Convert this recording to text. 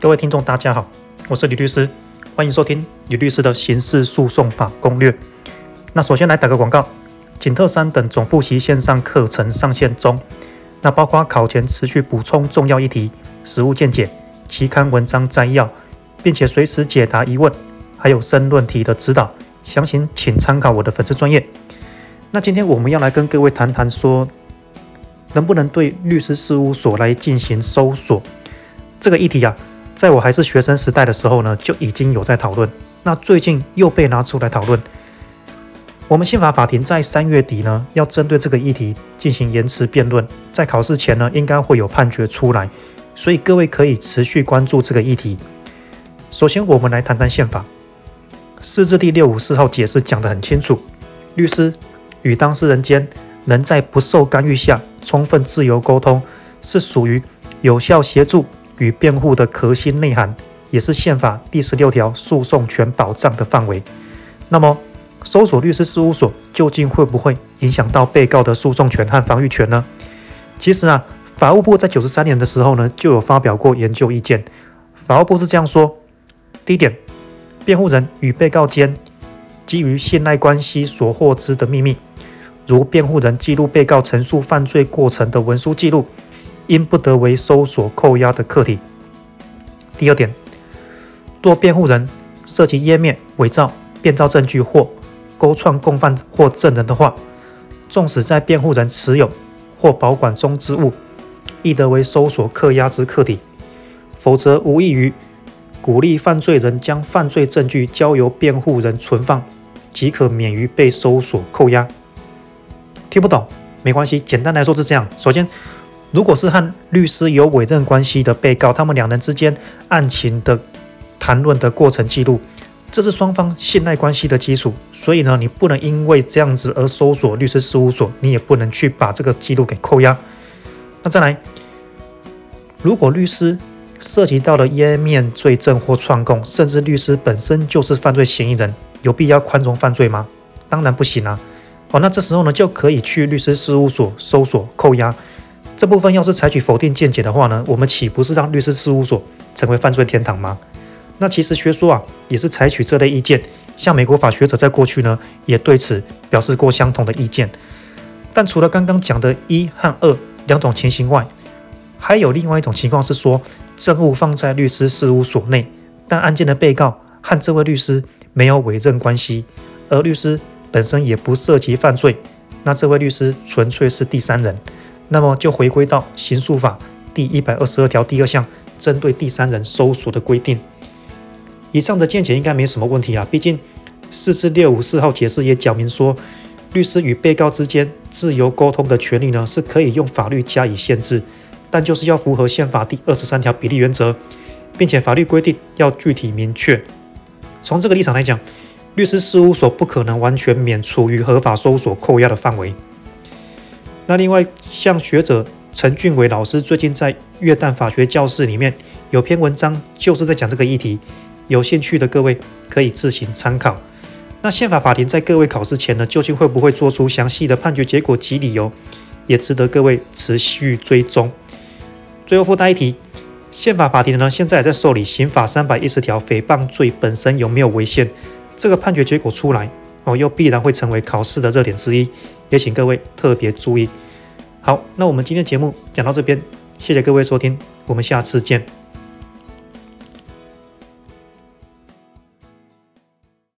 各位聽眾，大家好，我是呂律師，歡迎收聽呂律師的刑事訴訟法攻略。那首先來打個廣告，警特三等總複習線上課程上線中，那包括考前持續補充重要議題、實務見解、期刊文章摘要，並且隨時解答疑問，還有申論題的指導。詳情請參考我的粉絲專頁。那今天我們要來跟各位談談說，能不能對律師事務所來進行搜索這個議題呀、啊？在我還是學生時代的時候呢，就已經有在討論。那最近又被拿出來討論。我們憲法法庭在三月底呢，要針對這個議題進行言詞辯論。在考試前呢，應該會有判決出來，所以各位可以持續關注這個議題。首先，我們來談談憲法。釋字第六五四號解釋講得很清楚，律師與當事人間能在不受干預下充分自由溝通，是屬於有效協助，與辯護的核心內涵，也是憲法第十六條訴訟權保障的範圍。那麼，搜索律師事務所究竟會不會影響到被告的訴訟權和防禦權呢？其實啊，法務部在九十三年的時候呢，就有發表過研究意見。法務部是這樣說：第一點，辯護人與被告間基於信賴關係所獲知的秘密，如辯護人記錄被告陳述犯罪過程的文書記錄。因不得為搜索扣押的客體。第二點，若辯護人涉及湮滅偽造、變造證據或勾串共犯或證人的話，縱使在辯護人持有或保管中之物，亦得為搜索扣押之客體。否則，無異於鼓勵犯罪人將犯罪證據交由辯護人存放，即可免於被搜索扣押。聽不懂沒關係，簡單來說是這樣：首先，如果是和律師有委任關係的被告，他們兩人之間案情的談論的過程記錄，這是雙方信賴關係的基礎。所以呢，你不能因為這樣子而搜索律師事務所，你也不能去把這個記錄給扣押。那再來，如果律師涉及到了湮滅罪證或串供，甚至律師本身就是犯罪嫌疑人，有必要寬容犯罪嗎？當然不行啊！好、哦，那這時候呢，就可以去律師事務所搜索扣押。這部分要是採取否定見解的話呢，我們豈不是讓律師事務所成為犯罪天堂嗎？那其實學說啊也是採取這類意見，像美國法學者在過去呢也對此表示過相同的意見。但除了剛剛講的一和二兩種情形外，還有另外一種情況是說，證物放在律師事務所內，但案件的被告和這位律師沒有委任關係，而律師本身也不涉及犯罪，那這位律師純粹是第三人。那麼就回歸到刑訴法第一百二十二條第二項，針對第三人搜索的規定。以上的見解應該沒什麼問題啊，畢竟釋字六五四號解釋也講明說，律師與被告之間自由溝通的權利呢，是可以用法律加以限制，但就是要符合憲法第二十三條比例原則，並且法律規定要具體明確。從這個立場來講，律師事務所不可能完全免除於合法搜索扣押的範圍。那另外，像學者陳俊偉老師最近在月旦法學教室裡面有篇文章，就是在講這個議題。有興趣的各位可以自行參考。那憲法法庭在各位考試前呢，究竟會不會做出詳細的判決結果及理由，也值得各位持續追蹤。最後附帶一題，憲法法庭呢現在也在受理刑法三百一十條誹謗罪本身有沒有違憲，這個判決結果出來，又必然會成為考試的熱點之一，也請各位特別注意。好，那我們今天節目講到這邊，謝謝各位收聽，我們下次見。